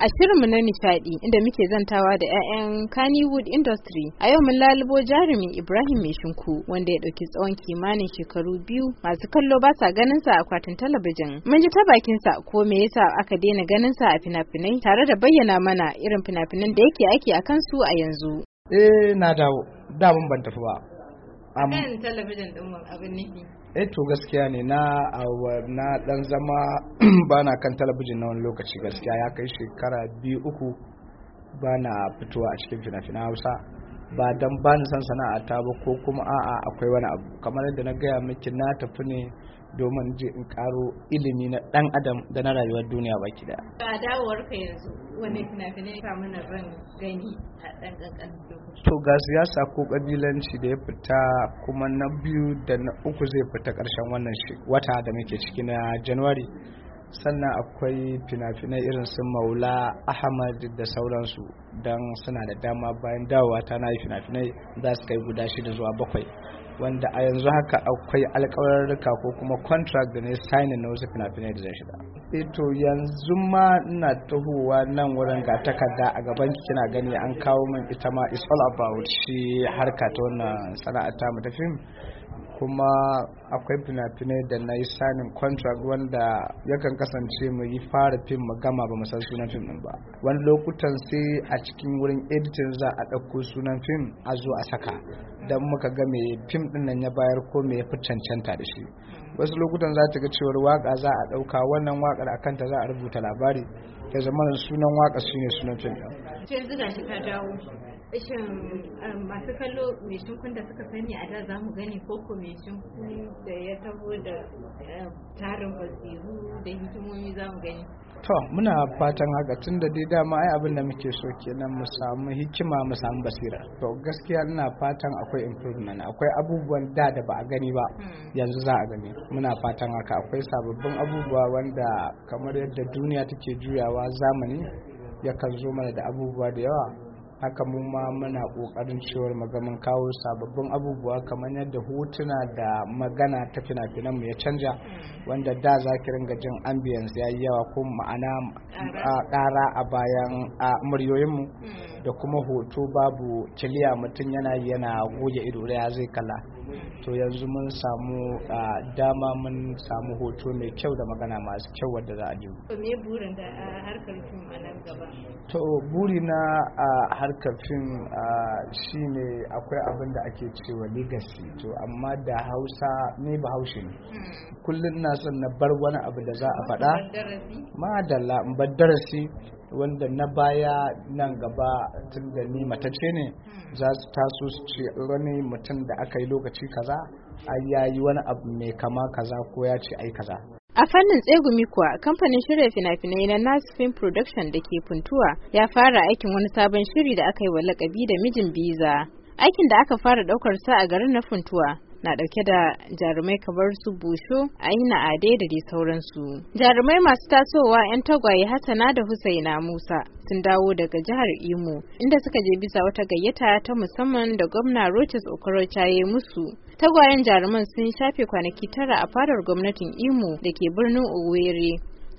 A shirinmu na nishaɗi inda muke zantawa da 'ya'yan Kannywood Industry, a yau mun lalubo jarumi Ibrahim Meshinku wanda ya ɗauki tsawon kimanin shekaru biyu masu kallo ba sa ganin sa a akwatin talabijin. Mun ji ta bakinsa ko me yasa aka daina ganin sa a fina-finai tare da bayyana mana irin fina-finan da yake aiki a kansu a yanzu. Eh na dawo, da mun ban tafi ba. kan talabijin din eh to gaskiya ne na na dan zama ba na kan talabijin na wani lokaci gaskiya ya kai shekara biyu uku na fitowa a cikin fina-finan Hausa ba don ba ni san sana'ata ba ko kuma a'a akwai wani abu kamar yadda na gaya miki na tafi ne domin je in karo ilimi na dan adam da na rayuwar duniya baki da ba dawowar ka yanzu wani fina-finai ka mana ran gani a dan kankan to ga siyasa ko kabilanci da ya fita kuma na biyu da na uku zai fita karshen wannan wata da muke ciki na january sannan akwai fina-finai irin su maula ahmad da sauransu don suna da dama bayan dawowa ta na fina-finai za su kai guda shida zuwa bakwai wanda a yanzu haka akwai alkawarurruka ko kuma contract da ne signing na wasu fina-finai da zai shida eto eh yanzu ma ina tahowa nan wurin ga takarda a gaban kina gani an kawo min ita ma it's all about shi harka ta wannan sana'ar ta mu ta fim kuma akwai fina-finai da na yi sanin contract wanda yakan kasance mu yi fara fim mu gama ba san sunan fim din ba wani lokutan sai a cikin wurin editing za a ɗauko sunan fim a zo a saka don muka ga mai fim din nan ya bayar ko mai ya fi cancanta da shi wasu lokutan za ta ga cewar waka za a ɗauka wannan wakar akan ta za a rubuta labari ya zama sunan waka shine sunan fim din. masu kallo mai shinkun da suka sani a da zamu gani koko mai shinkun da ya taho da eh, tarin basiru da hikimomi zamu gani to muna fatan haka tun da dai dama ai abin da muke so kenan mu samu hikima mu samu basira to gaskiya ina fatan akwai improvement akwai abubuwan da da ba a gani ba hmm. yanzu za a gani muna fatan haka akwai sababbin abubuwa wanda kamar yadda duniya take juyawa zamani ya kan zo mana da abubuwa da yawa haka mu ma muna kokarin cewar magamin kawo sababbin abubuwa kamar yadda hotuna da magana ta fina-finan mu ya canja wanda da za ki ringa jin ambience yayi yawa ko ma'ana ƙara a bayan muryoyin mu da kuma hoto babu ciliya mutum yana yana goge ido ya zai kala to yanzu mun samu dama mun samu hoto mai kyau da magana masu kyau wadda za a ji me burin da harkar fim a nan gaba to buri na a harkar fim shine akwai abin da ake cewa legacy to amma da hausa ne ba hmm. ne kullum na son na bar wani abu da za a faɗa ma in bar darasi wanda na baya nan gaba tun da ni matace ne hmm. za su taso su ce wani mutum da aka yi lokaci kaza ai ya yi wani abu mai kama kaza ko ya ce ai kaza a fannin tsegumi kuwa kamfanin shirya fina-finai na nas film production da ke Funtuwa, ya fara aikin wani sabon shiri da aka yi wa lakabi da mijin biza aikin da aka fara daukar sa a garin na funtuwa na dauke da jarumai kamar su busho aina ade da dai sauransu jarumai masu tasowa 'yan tagwaye hassana da husaina musa sun dawo daga jihar imo inda suka je bisa wata gayyata ta musamman da gwamna roches okorocha ya musu tagwayen jaruman sun shafe kwanaki tara a farar gwamnatin imo da ke birnin owerri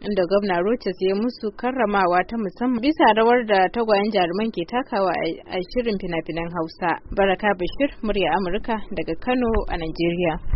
inda gwamna Rochas ya musu karramawa ta musamman bisa rawar da tagwayen jaruman ke takawa a shirin fina-finan Hausa. Baraka Bashir, murya Amurka daga Kano a Najeriya.